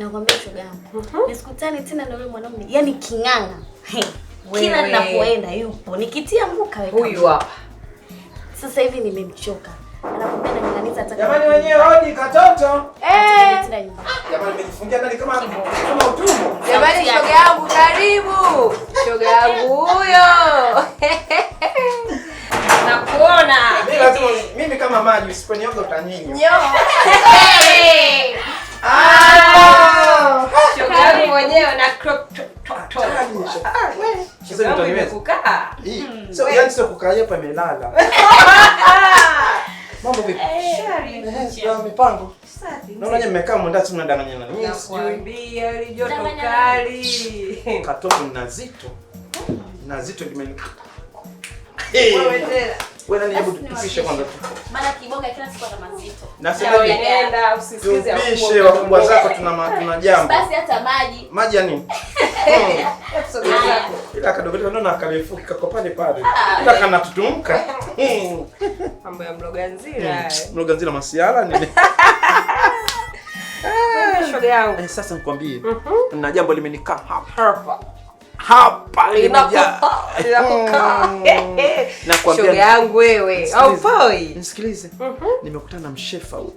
Nakwambia shoga yangu. Uh-huh. Nisikutane tena na yule mwanaume. Yaani king'ang'a. Kila ninapoenda yupo. Nikitia mguu kaweka. Huyu hapa. Sasa hivi nimemchoka. Anakwambia ananianza hata. Jamani wenyewe hodi katoto. Eh. Ah, jamani nimejifungia ndani kama kama utumbo. Jamani shoga yangu karibu. Shoga yangu huyo. Nakuona. Mimi kama maji usiponioga utanyinya. Nyo. sio kukalia pamelala. Mambo vipi? Eh, eh, mipango. Naona nyinyi mmekaa mnda tu mnadanganya Nakwambia ile joto kali. Katoto na zito. Na zito kimenikata. Wewe tena. Wewe nani hebu tupishe kwanza. Maana kiboga kila siku ana mazito. Nasema nenda usisikize wakubwa. Tupishe wakubwa zako tuna tuna jambo. Basi hata maji. Maji ya nini? Hmm. Ila kadogo ndio na kalefuki kako pale pale. Ah. Ila kana tutumka. Hmm. Mambo ya mloganzila. Hmm. Mloganzila masiala nini? Sasa nikwambie, mhm. na jambo limenikaa hapa. Hapa hapa shoga yangu wewe, au poi nisikilize. Nimekutana na mshefa huyu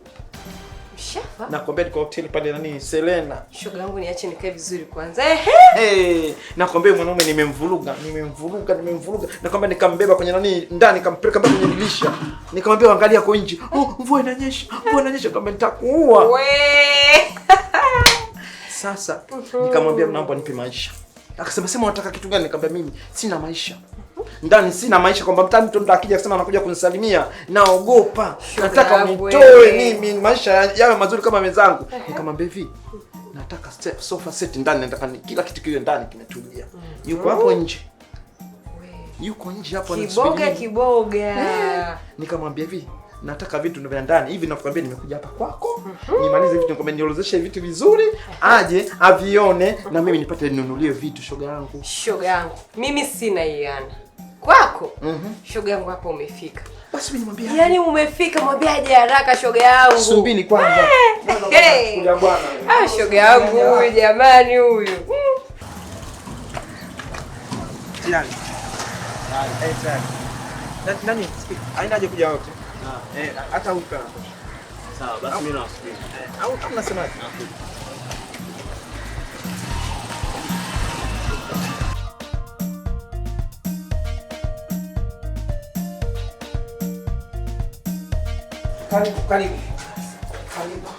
mshefa, nakwambia niko hoteli pale nani, Selena. Shoga yangu niache nikae vizuri kwanza. Ehe, nakwambia mwanaume nimemvuruga, nimemvuruga, nimemvuruga. Nakwambia nikambeba kwenye nani ndani, nikampeleka mpaka kwenye dirisha, nikamwambia angalia kwa nje, oh, mvua inanyesha, mvua inanyesha, kwamba nitakuua wewe. Sasa mhm. nikamwambia mnaomba nipe maisha Akasema sema unataka kitu gani? Nikamwambia mimi sina maisha. Ndani sina maisha kwamba mtani mtu akija akisema anakuja kunisalimia naogopa. Nataka unitoe mimi maisha yawe mazuri kama wenzangu. Nikamwambia hivi. Nataka sofa set ndani nataka kila kitu kiwe ndani kimetulia. Mm. Yuko hapo nje. Yuko nje hapo anasubiri. Kiboga kiboga. Nikamwambia hivi nataka vitu vya ndani hivi, nakwambia nimekuja hapa kwako nimalize vitu, nikwambia niorozeshe vitu vizuri, aje avione na mimi nipate ninunulie vitu. Shoga yangu, shoga yangu, mimi sina iana kwako. mm -hmm. Shoga yangu hapa umefika basi, mimi nimwambia, yani, umefika, mwambie aje haraka. Shoga yangu, subiri kwanza. Hey. Ah, shoga yangu huyu, jamani, huyu nani? Nani? Aina ainaje kuja wote Ah, eh, hata huko. Sawa, basi mimi nawasubiri. Eh, au kama Karibu, karibu. Karibu.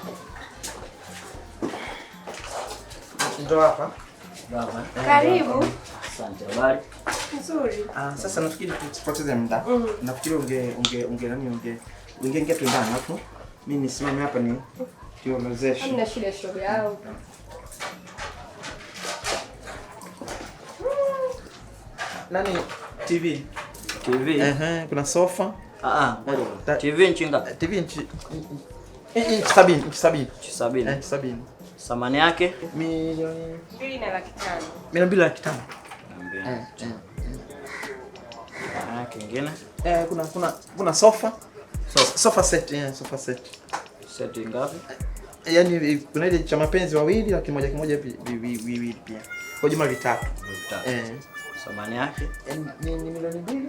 Ndio hapa. Karibu. Asante, ah, sasa nafikiri tusipoteze muda. Mhm. Nafikiri unge unge unge nani unge unge ingia tu ndani hapo. Mimi nisimame hapa ni tuonezeshe. Hamna shida shoga yao. Mm. Nani TV? TV. Eh, Kuna sofa. Ah ah. TV nchi ngapi? TV nchi nchi sabini, nchi sabini. Nchi sabini. Eh, sabini. Samani yake milioni 2 na laki 5. Milioni 2 na laki 5. Ah, kingine eh, kuna kuna kuna sofa sofa, sofa set yeah, sofa set set ngapi? Eh, yaani eh, kuna ile cha mapenzi wawili laki moja kimoja viwili pia kwa juma vitatu vitatu eh. Thamani yake eh, ni milioni mbili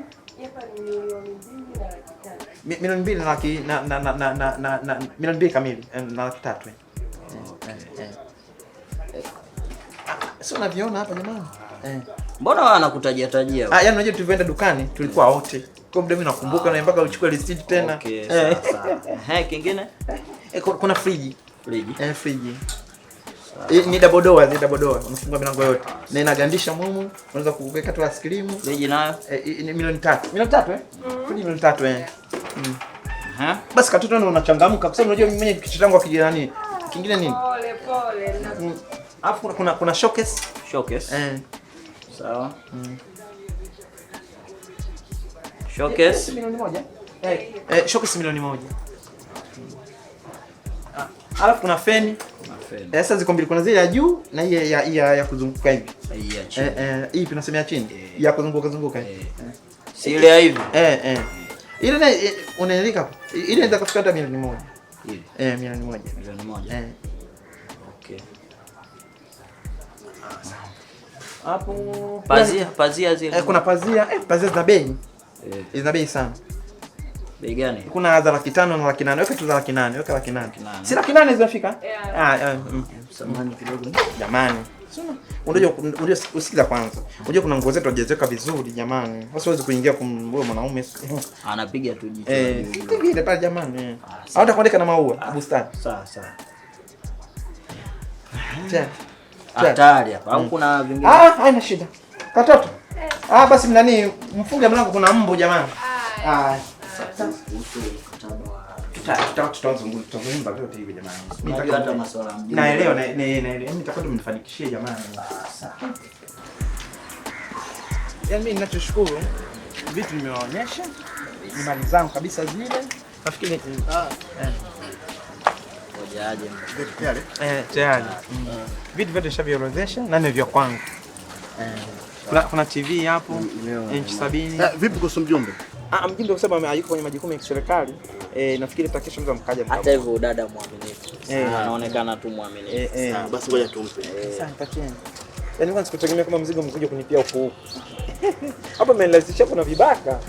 milioni mbili na laki na na na na na milioni mbili kamili na laki tatu. Sio, unaviona hapa jamani eh. Mbona wao anakutajia tajia? Ah, yani unajua tulivyoenda dukani tulikuwa wote. Kwa mdemu nakumbuka ah. na mpaka uchukue receipt tena. Okay, eh. sawa Eh, kingine? Eh, kuna friji. Friji. Eh, friji. Eh, Ni double door, ni double door. Unafungua milango yote. Na inagandisha mumu, unaweza kuweka tu ice cream. Friji nayo? Eh, ni milioni 3. Milioni 3 eh? Mm. Friji milioni 3 eh. Mhm. Aha. Basi katoto na unachangamka kwa sababu unajua mimi mwenyewe kichwa changu kijana Kingine nini? Pole pole. Mm. Alafu kuna kuna showcase. Showcase. Eh. Sawa. Hmm. Showcase milioni moja. Eh, showcase milioni moja. Eh, ah, alafu kuna feni. Kuna feni. Eh, sasa ziko mbili, kuna zile ya juu na hii ya ya ya kuzunguka hivi. Hii ya eh, chini. Eh, eh, hii tunasema ya chini. Ya kuzunguka zunguka hivi. Si ile ya hivi. Eh, eh. Ile na unaelika hapo. Ile inaweza kufika hata milioni moja. Ile. Eh, milioni moja. Milioni moja. Eh. Okay. hapo pazia pazia zile eh, kuna pazia eh, pazia zina bei eh, zina bei sana. Bei gani? Kuna za laki tano na laki nane. Weka tu za laki nane, weka laki nane. Si laki nane zinafika? Eh, ah, mm, mm. Samani kidogo jamani. Unajua, unajua usikiza kwanza. Unajua kuna nguo zetu hajaweka vizuri jamani. Sasa huwezi kuingia kwa kumwe mwanaume. Anapiga tu jicho. Eh, kitu kile pale jamani. Ah, Hata kuandika na maua bustani. Sawa sawa hatari hapa. Au mm. kuna vingine? Ah, haina shida. Katoto. Eh. Ah, basi mnani mfunge mlango kuna mbu jamani. Ah. Sasa naelewa nitakwenda mnifanikishie jamani. Yaani mimi ninachoshukuru vitu nimewaonyesha, imani zangu kabisa zile. Nafikiri ah. Eh. Eh, tayari mm. vitu vyote nishaviorodhesha nane vya kwangu. Eh. Kuna TV hapo inchi sabini. Eh, vipi kuhusu mjumbe? Ah, mjumbe kwa sababu hayuko kwenye majukumu ya kiserikali eh, nafikiri hata mza mkaja. Hata hivyo dada mwaminifu, ah, anaonekana tu mwaminifu. Eh, ah, basi ngoja tumpe. Asante tena. Yaani kwa sikutegemea kama mzigo mzigo kunipia huku. Hapa mmelazimisha kuna vibaka.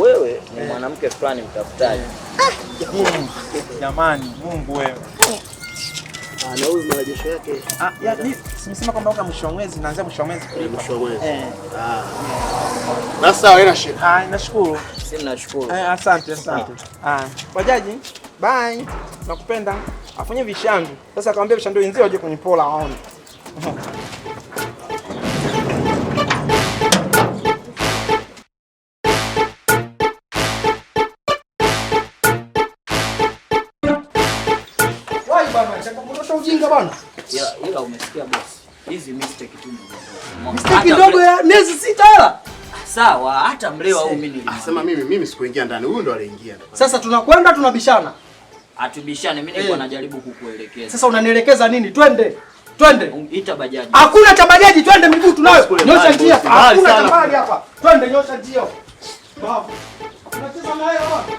Wewe ni mwanamke fulani mtafutaji. Jamani, Mungu wewe. Ah, ah simsema kwamba mwisho wa mwezi naanza mwisho wa mwezi eh. ah. Na sawa, shida. Ah, nashukuru. Eh, asante, asante. Wajaji, bye. Nakupenda. Afanye vishandu. Sasa akawambia vishandu wenzao waje pola waone. ujinga bwana. Ila umesikia boss, hizi mistake tu ndogo. Mistake ndogo ya miezi sita hela. Sawa, hata mlewa huyu mimi nilimwambia. nilisema mimi mimi sikuingia ndani, huyu ndo aliingia. Sasa tunakwenda tunabishana. Atubishane, mimi nilikuwa eh. najaribu kukuelekeza. Sasa unanielekeza nini? Twende. Twende. Ita bajaji. Hakuna cha bajaji, twende miguu tunayo. Nyosha njia. Hakuna cha hapa. Twende, nyosha njia. Bravo. Unacheza na yeye hapa.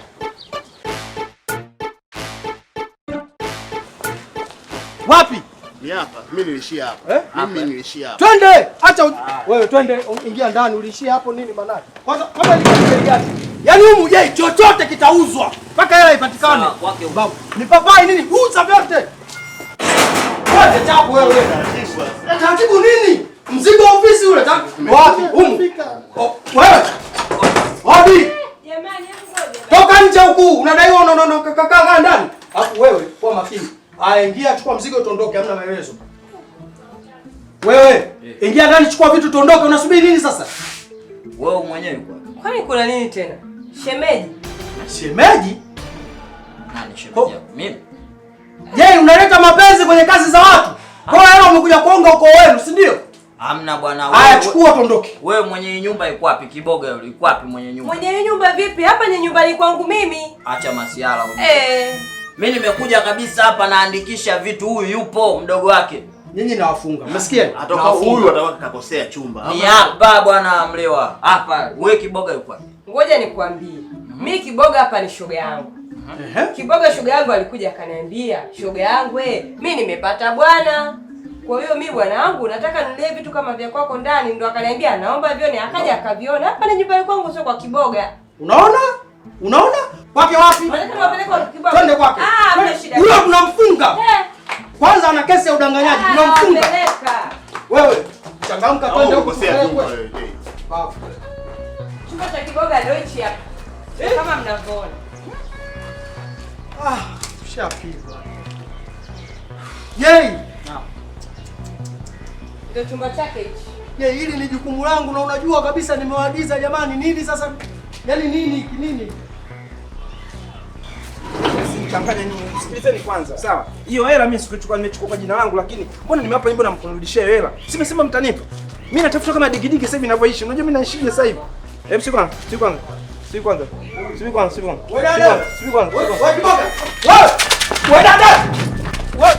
Wapi? Ni hapa. Mimi niliishia hapa. Eh? Mimi eh? niliishia hapa. Twende. Acha ah. wewe twende ingia ndani uliishia hapo nini manake? Kwanza kama ilikujia. Yaani huyu mjei chochote kitauzwa mpaka hela ipatikane. Babu, ni papai nini? Uza vyote. Wote chapo wewe. wewe. Eh, taratibu nini? Mzigo wa ofisi ule ta. Wapi? Humu. Oh, wewe. Wapi? Jamani, hebu ngoja. Toka nje huku. Unadaiwa unaondoka kaka ndani. Hapo wewe kwa makini. Haya, ingia chukua mzigo tuondoke, hamna maelezo. Wewe, ingia ndani chukua vitu tuondoke, unasubiri nini sasa? Wewe mwenyewe kwa. Kwani kuna nini tena? Shemeji. Shemeji? Nani shemeji? Mimi. Je, unaleta mapenzi kwenye kazi za watu? Kwa hiyo wewe umekuja kuonga huko wenu, si ndio? Hamna bwana wewe. Haya chukua tuondoke. Wewe mwenye nyumba iko wapi? Kiboga yule iko wapi mwenye nyumba? Mwenye nyumba vipi? Hapa ni nyumbani kwangu mimi. Acha masiala. Eh. Mimi nimekuja kabisa hapa naandikisha vitu, huyu yupo mdogo wake. Nyinyi nawafunga. Umesikia? Atoka huyu atakao kakosea chumba. Ni hapa bwana mlewa. Hapa wewe kiboga yuko wapi? Ngoja nikwambie. Mm kiboga hapa ni shoga yangu. Mm -hmm. Kiboga shoga yangu alikuja akaniambia, shoga yangu eh, mimi nimepata bwana. Kwa hiyo mimi bwana wangu nataka nile vitu kama vya kwako ndani, ndo akaniambia naomba vione, akaja akaviona. Hapa ni nyumbani kwangu, sio kwa kiboga. Unaona? Unaona? Kwake wapi? Twende kwake. Huyo mnamfunga. Eh. Kwanza ana kesi ya udanganyaji, mnamfunga. Ah, wewe changamka kwanza huko sasa. tu wewe. Chumba cha kiboga ndio hichi hapa. Eh? Kama mnavyoona. Ah, shapigwa. Yei. Naam. Ndio chumba chake hichi. Yei, hili ni jukumu langu na unajua kabisa nimewaagiza jamani nini sasa? Yaani nini nini? mnanichanganya nini? Sikilizeni kwanza, sawa? Hiyo hela mimi sikuchukua, nimechukua kwa jina langu, lakini mbona nimewapa hivyo na mkurudishia hela? Simesema mtanipa. Mimi natafuta kama digidigi sasa hivi ninavyoishi. Unajua mimi naishi sasa hivi. Hebu sikwa, sikwa. Sikwa. Sikwa, sikwa. Sikwa, sikwa. Wewe dada. Wewe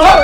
Wewe.